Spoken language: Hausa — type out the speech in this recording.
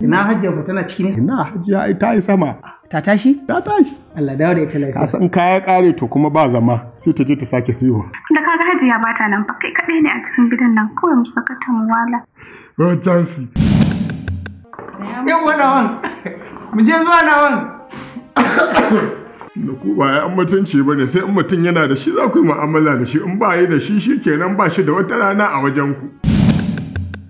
Ina hajjiyar ku tana ciki ne? Ina hajjiya ai ta yi sama. Ta tashi? Ta tashi. Allah dawo da ita lafiya. Ka san kaya kare to kuma ba zama sai ta je ta sake siyo. Da kaga hajjiya ba ta nan ba kai kaɗai ne a cikin gidan nan kawai mu saka ta mu wala. Rotan su. Yawwa nawan. Mu je zuwa nawan. Da ku ba ya mutunci ba ne sai in mutum yana da shi za ku yi mu'amala da shi in ba yi da shi shi kenan ba shi da wata rana a wajen ku.